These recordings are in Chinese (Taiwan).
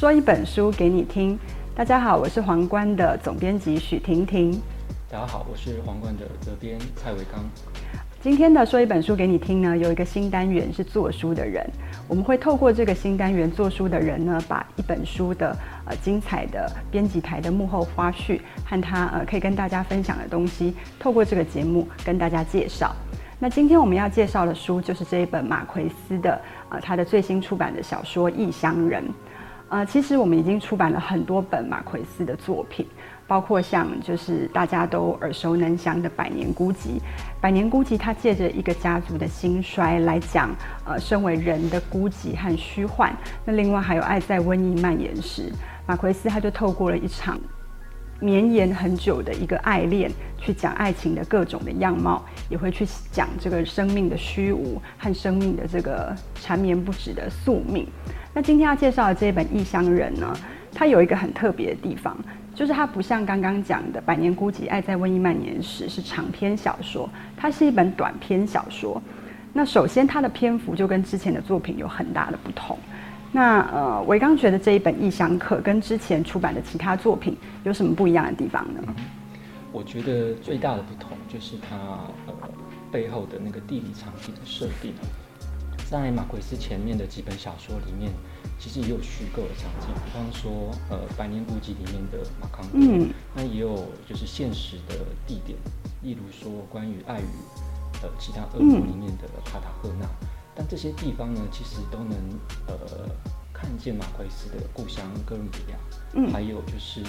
說一本書給你聽。大家好，我是皇冠的總編輯許婷婷。大家好，我是皇冠的責編蔡維剛。今天的說一本書給你聽呢，有一個新單元是做書的人。我們會透過這個新單元，做書的人呢，把一本書的呃精彩的編輯台的幕後花絮和他呃可以跟大家分享的東西，透過這個節目跟大家介紹。那今天我們要介紹的書就是這一本馬奎斯的呃他的最新出版的小說《異鄉客》。呃，其實我們已經出版了很多本馬奎斯的作品，包括像就是大家都耳熟能詳的《百年孤寂》。《百年孤寂》它借着一個家族的興衰來講，呃，身為人的孤寂和虛幻。那另外還有《愛在瘟疫蔓延時》，馬奎斯他就透過了一場。綿延很久的一個愛戀，去講愛情的各種的樣貌，也會去講這個生命的虛無和生命的這個纏綿不止的宿命。那今天要介紹的這本《異鄉客》呢，它有一個很特別的地方，就是它不像剛剛講的《百年孤寂》《愛在瘟疫蔓延時》是長篇小說，它是一本短篇小說。那首先它的篇幅就跟之前的作品有很大的不同。那呃，維鋼覺得這一本《異鄉客》跟之前出版的其他作品有什麼不一樣的地方呢？嗯、我覺得最大的不同就是它呃背後的那個地理場景的設定，在馬奎斯前面的幾本小說裡面，其實也有虛構的場景，比方說呃《百年孤寂》裡面的馬康，那、嗯、也有就是現實的地點，例如說關於《愛與》呃其他惡魔裡面的卡塔赫納。嗯那這些地方呢，其實都能呃看見馬奎斯的故鄉哥倫比亞，嗯，還有就是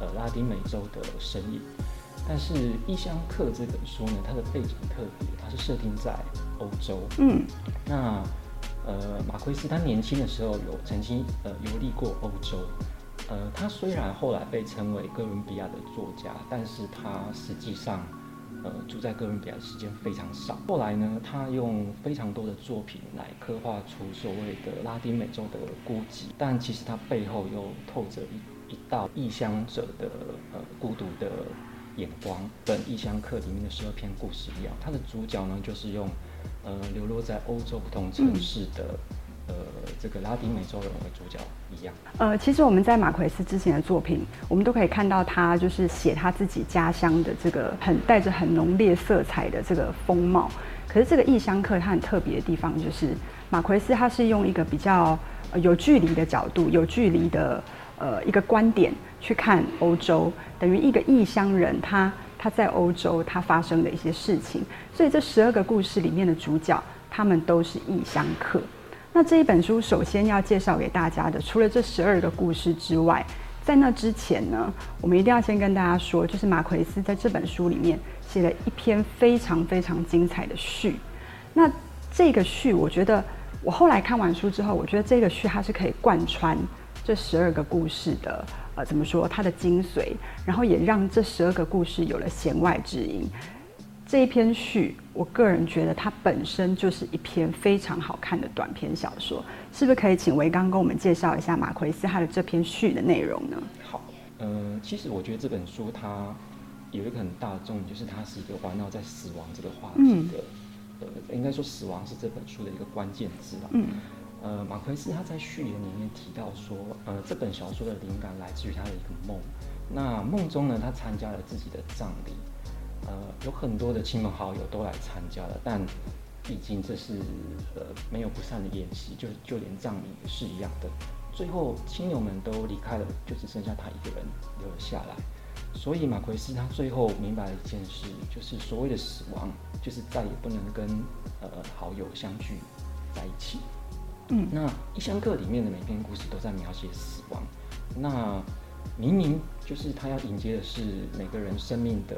呃拉丁美洲的身影。但是《異鄉客》這本書呢，它的背景特別，它是設定在歐洲，嗯。那呃，馬奎斯他年輕的時候有曾經呃遊歷過歐洲，呃，他雖然後來被稱為哥倫比亞的作家，但是他實際上。呃，住在哥倫比亞的時間非常少。後來呢，他用非常多的作品來刻畫出所謂的拉丁美洲的孤寂，但其實他背後又透着一一道異鄉者的呃孤獨的眼光。本《異鄉客》裡面的十二篇故事一樣，他的主角呢就是用，呃，流落在歐洲不同城市的、嗯。呃，這個拉丁美洲人的某個主角一樣。呃，其實我們在馬奎斯之前的作品，我們都可以看到他就是寫他自己家鄉的這個很帶着很濃烈色彩的這個風貌。可是這個異鄉客他很特別的地方就是，馬奎斯他是用一個比較呃有距離的角度，有距離的呃一個觀點去看歐洲，等於一個異鄉人他他在歐洲他發生的一些事情。所以這十二個故事裡面的主角，他們都是異鄉客。那這一本書首先要介紹給大家的，除了這十二個故事之外，在那之前呢，我們一定要先跟大家說，就是馬奎斯在這本書裡面寫了一篇非常非常精彩的序。那這個序，我覺得我後來看完書之後，我覺得這個序它是可以貫穿這十二個故事的，呃，怎麼說，它的精髓，然後也讓這十二個故事有了弦外之音。這一篇序，我個人覺得它本身就是一篇非常好看的短篇小說，是不是可以請維鋼跟我們介紹一下馬奎斯他的這篇序的內容呢？好，呃，其實我覺得這本書它有一個很大的重點，就是它是一個環繞在死亡這個話題的，嗯、呃，應該說死亡是這本書的一個關鍵字吧。嗯。呃，馬奎斯他在序言裡面提到說，呃，這本小說的靈感來自於他的一個夢，那夢中呢，他參加了自己的葬禮。呃，有很多的親朋好友都來參加了，但畢竟這是呃沒有不散的宴席，就就連葬禮也是一樣的。最後，親友們都離開了，就只、是、剩下他一個人留了下來。所以，馬奎斯他最後明白了一件事，就是所謂的死亡，就是再也不能跟呃好友相聚在一起。嗯，那《異鄉客》裡面的每篇故事都在描寫死亡。那明明就是他要迎接的是每個人生命的。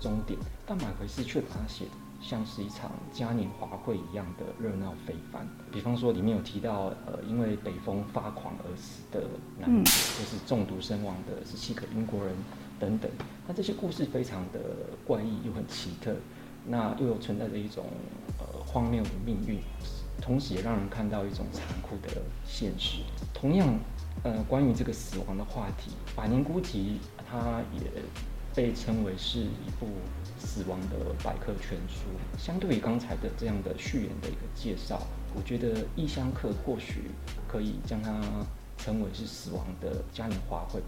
終點，但馬奎斯卻把它寫得像是一場嘉年華會一樣的熱鬧非凡。比方說，裡面有提到，呃，因為北風發狂而死的男子，或、就是中毒身亡的十七個英國人等等。那這些故事非常的怪異又很奇特，那又有存在着一種，呃，荒謬的命運，同時也讓人看到一種殘酷的現實。同樣，呃，關於這個死亡的話題，《百年孤寂》它也。被稱為是一部死亡的百科全書。相對於剛才的這樣的序言的一個介紹，我覺得《異鄉客》或許可以將它稱為是死亡的嘉年華會吧，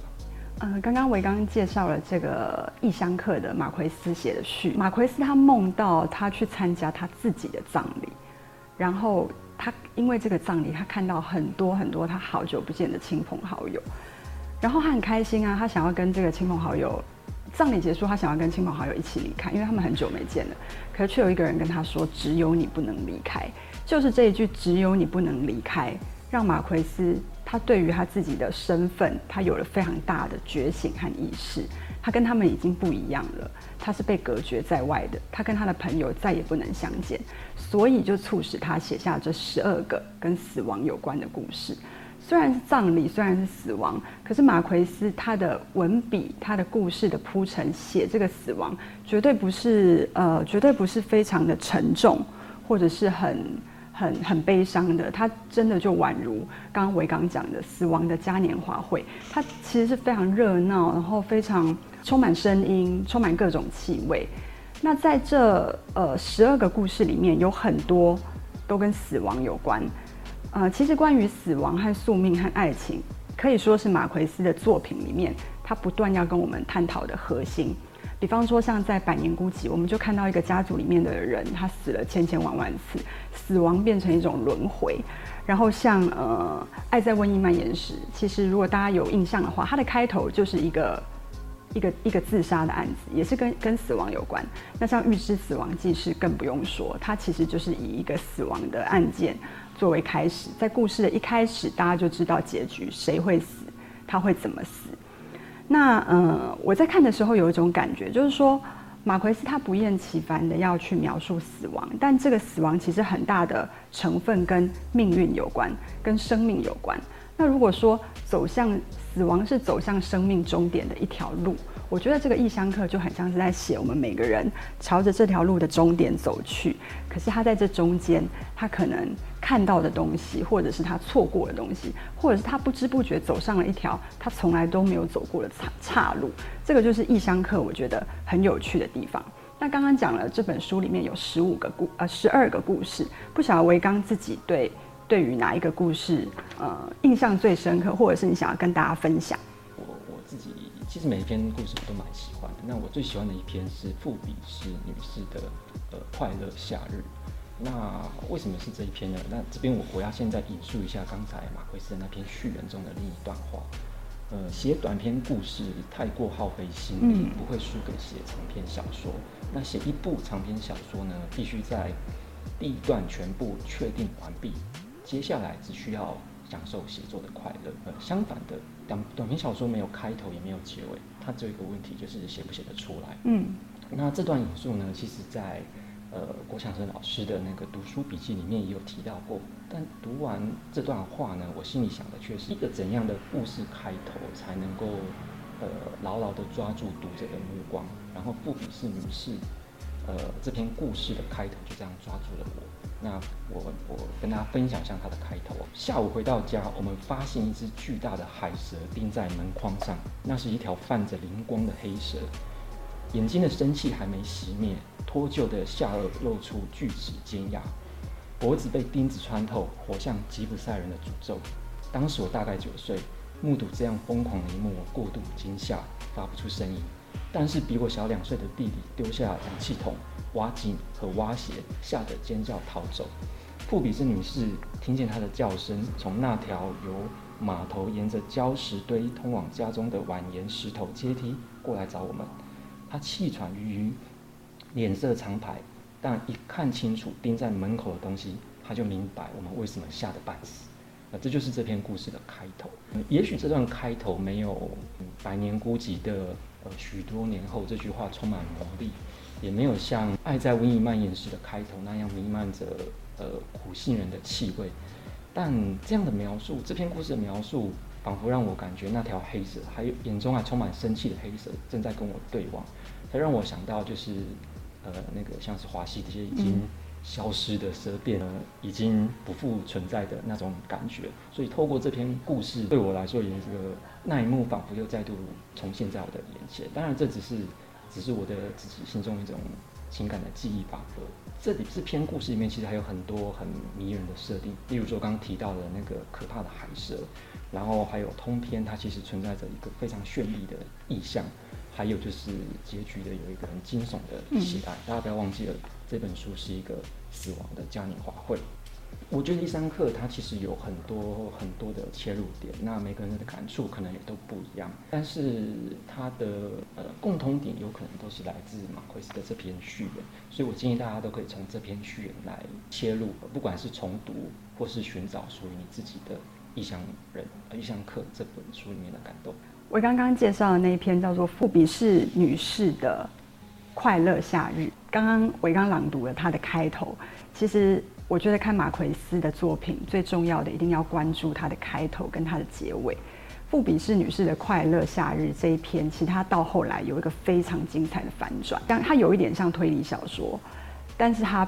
呃。嗯，剛剛我剛剛介紹了這個《異鄉客》的馬奎斯寫的序，馬奎斯他夢到他去參加他自己的葬禮，然後他因為這個葬禮，他看到很多很多他好久不見的親朋好友，然後他很開心啊，他想要跟這個親朋好友。葬禮結束，他想要跟親朋好友一起離開，因為他們很久沒見了。可是卻有一個人跟他說：“只有你不能離開。”就是這一句“只有你不能離開”，讓馬奎斯他對於他自己的身份，他有了非常大的覺醒和意識。他跟他們已經不一樣了，他是被隔絕在外的。他跟他的朋友再也不能相見，所以就促使他寫下這十二個跟死亡有關的故事。雖然是葬禮，雖然是死亡，可是馬奎斯他的文筆，他的故事的鋪陳，寫這個死亡絕對不是呃，絕對不是非常的沉重或者是很很很悲傷的。他真的就宛如剛剛維鋼講的死亡的嘉年華會，它其實是非常熱鬧，然後非常充滿聲音，充滿各種氣味。那在這呃十二個故事裡面，有很多都跟死亡有關。呃，其實關於死亡和宿命和愛情，可以說是馬奎斯的作品裡面他不斷要跟我們探討的核心。比方說，像在《百年孤寂》，我們就看到一個家族裡面的人，他死了千千萬萬次，死亡變成一種輪迴。然後像呃，《愛在瘟疫蔓延時》，其實如果大家有印象的話，它的開頭就是一個。一個一個自殺的案子，也是跟跟死亡有關。那像預知死亡紀事更不用說，它其實就是以一個死亡的案件作為開始，在故事的一開始，大家就知道結局誰會死，他會怎麼死。那嗯、呃，我在看的時候有一種感覺，就是說馬奎斯他不厭其煩地要去描述死亡，但這個死亡其實很大的成分跟命運有關，跟生命有關。那如果說走向死亡是走向生命終點的一條路，我覺得這個異鄉客就很像是在寫我們每個人朝着這條路的終點走去。可是他在這中間，他可能看到的東西，或者是他錯過的東西，或者是他不知不覺走上了一條他從來都沒有走過的岔岔路，這個就是異鄉客我覺得很有趣的地方。那剛剛講了這本書裡面有十五個故呃十二個故事，不曉得維鋼自己對。對於哪一個故事，呃，印象最深刻，或者是你想要跟大家分享？我我自己其實每一篇故事我都蠻喜歡的。那我最喜歡的一篇是富比斯女士的《呃快樂夏日》。那為什麼是這一篇呢？那這邊我我要現在引述一下剛才馬奎斯的那篇序言中的另一段話：呃，寫短篇故事太過耗費心力，嗯、不會輸給寫長篇小說。那寫一部長篇小說呢，必須在第一段全部確定完畢。接下來只需要享受寫作的快樂。呃，相反的，短短篇小說沒有開頭也沒有結尾，它只有一個問題，就是寫不寫得出來。嗯，那這段引述呢，其實在，呃，郭強生老師的那個讀書筆記裡面也有提到過。但讀完這段話呢，我心裡想的卻是一個怎樣的故事開頭才能夠，呃，牢牢地抓住讀者的目光，然後不只是女士，呃，這篇故事的開頭就這樣抓住了我。那我我跟大家分享一下它的開頭。下午回到家，我們發現一隻巨大的海蛇釘在門框上，那是一條泛着靈光的黑蛇，眼睛的生氣還沒熄滅，脫臼的下顎露出鋸齒尖牙，脖子被釘子穿透，活像吉普賽人的詛咒。當時我大概九歲，目睹這樣瘋狂的一幕，我過度驚嚇，發不出聲音。但是比我小兩歲的弟弟丟下了氧氣筒。挖井和挖鞋，嚇得尖叫逃走。富比斯女士聽見她的叫聲，從那條由碼頭沿着礁石堆通往家中的蜿蜒石頭階梯過來找我們。她氣喘籲籲，臉色蒼白，但一看清楚釘在門口的東西，她就明白我們為什麼嚇得半死。那、呃、這就是這篇故事的開頭。嗯、也許這段開頭沒有“嗯、百年孤寂”的，呃，許多年後這句話充滿魔力。也沒有像《愛在瘟疫蔓延時》的開頭那樣瀰漫着，呃，苦杏仁的氣味。但這樣的描述，這篇故事的描述，仿佛讓我感覺那條黑蛇，還有眼中還充滿生氣的黑蛇，正在跟我對望。它讓我想到，就是，呃，那個像是華西街這些已經消失的蛇變呢，嗯、已經不復存在的那種感覺。所以透過這篇故事，對我來說，也這個那一幕仿佛又再度重現在我的眼前。當然，這只是。只是我的自己心中一種情感的記憶罷了。這裡這篇故事裡面，其實還有很多很迷人的設定，例如說剛剛提到的那個可怕的海蛇，然後還有通篇它其實存在着一個非常絢麗的意象，還有就是結局的有一個很驚悚的期待。嗯。大家不要忘記了，這本書是一個死亡的嘉年華會。我覺得《異鄉客》它其實有很多很多的切入點，那每個人的感觸可能也都不一樣，但是它的呃共同點有可能都是來自馬奎斯的這篇序言，所以我建議大家都可以從這篇序言來切入，不管是重讀或是尋找屬於你自己的《異鄉人》呃《異鄉客》這本書裡面的感動。我剛剛介紹的那一篇叫做《富比士女士的快樂夏日》，剛剛我剛朗讀了它的開頭，其實。我覺得看馬奎斯的作品最重要的，一定要關注他的開頭跟他的結尾。富比士女士的快樂夏日這一篇，其實他到後來有一個非常精彩的反轉，但他有一點像推理小說，但是他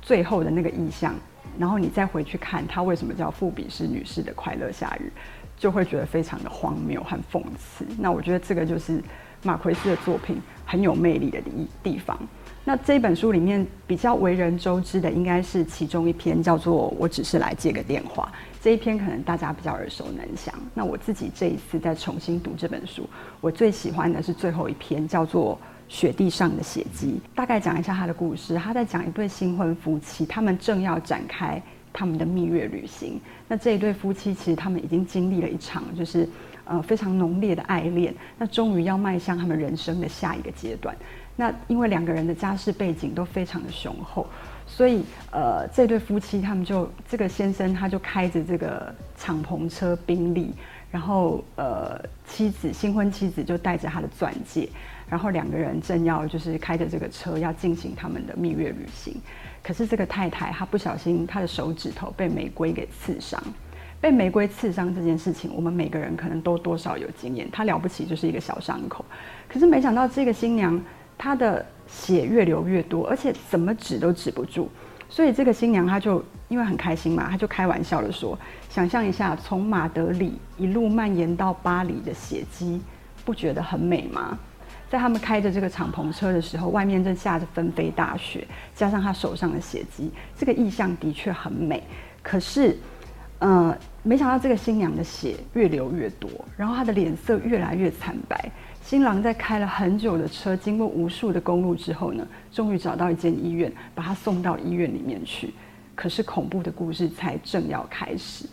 最後的那個意象，然後你再回去看他為什麼叫富比士女士的快樂夏日，就會覺得非常的荒謬和諷刺。那我覺得這個就是。馬奎斯的作品很有魅力的地方。那這本書裡面比較為人周知的，應該是其中一篇叫做《我只是來接個電話》這一篇，可能大家比較耳熟能詳。那我自己這一次再重新讀這本書，我最喜歡的是最後一篇叫做《雪地上的血跡》。大概講一下他的故事：他在講一對新婚夫妻，他們正要展開他們的蜜月旅行。那這一對夫妻其實他們已經經歷了一場，就是。呃，非常濃烈的愛戀，那終於要邁向他們人生的下一個階段。那因為兩個人的家世背景都非常的雄厚，所以呃，這對夫妻他們就這個先生他就開着這個敞篷車賓利，然後呃妻子，新婚妻子就帶着他的鑽戒，然後兩個人正要就是開着這個車要進行他們的蜜月旅行，可是這個太太她不小心她的手指頭被玫瑰給刺傷。被玫瑰刺傷這件事情，我們每個人可能都多少有經驗。他了不起就是一個小傷口，可是沒想到這個新娘，她的血越流越多，而且怎麼止都止不住。所以這個新娘她就因為很開心嘛，她就開玩笑的說：“想象一下，從馬德里一路蔓延到巴黎的血跡，不覺得很美嗎？”在他們開着這個敞篷車的時候，外面正下着紛飛大雪，加上她手上的血跡，這個意象的確很美。可是。嗯，沒想到這個新娘的血越流越多，然後她的臉色越來越慘白。新郎在開了很久的車，經過無數的公路之後呢，終於找到一間醫院，把她送到醫院裡面去。可是恐怖的故事才正要開始。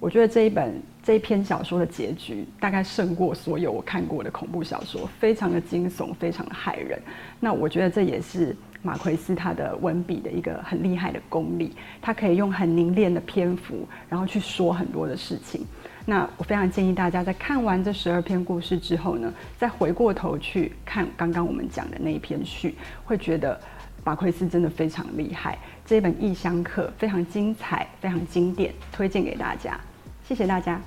我覺得這一本，這一篇小說的結局，大概勝過所有我看過的恐怖小說，非常的驚悚，非常的駭人。那我覺得這也是。馬奎斯他的文筆的一個很厲害的功力，他可以用很凝練的篇幅，然後去說很多的事情。那我非常建議大家在看完這十二篇故事之後呢，再回過頭去看剛剛我們講的那一篇序，會覺得馬奎斯真的非常厲害。這一本《異鄉客》非常精彩，非常經典，推薦給大家。謝謝大家。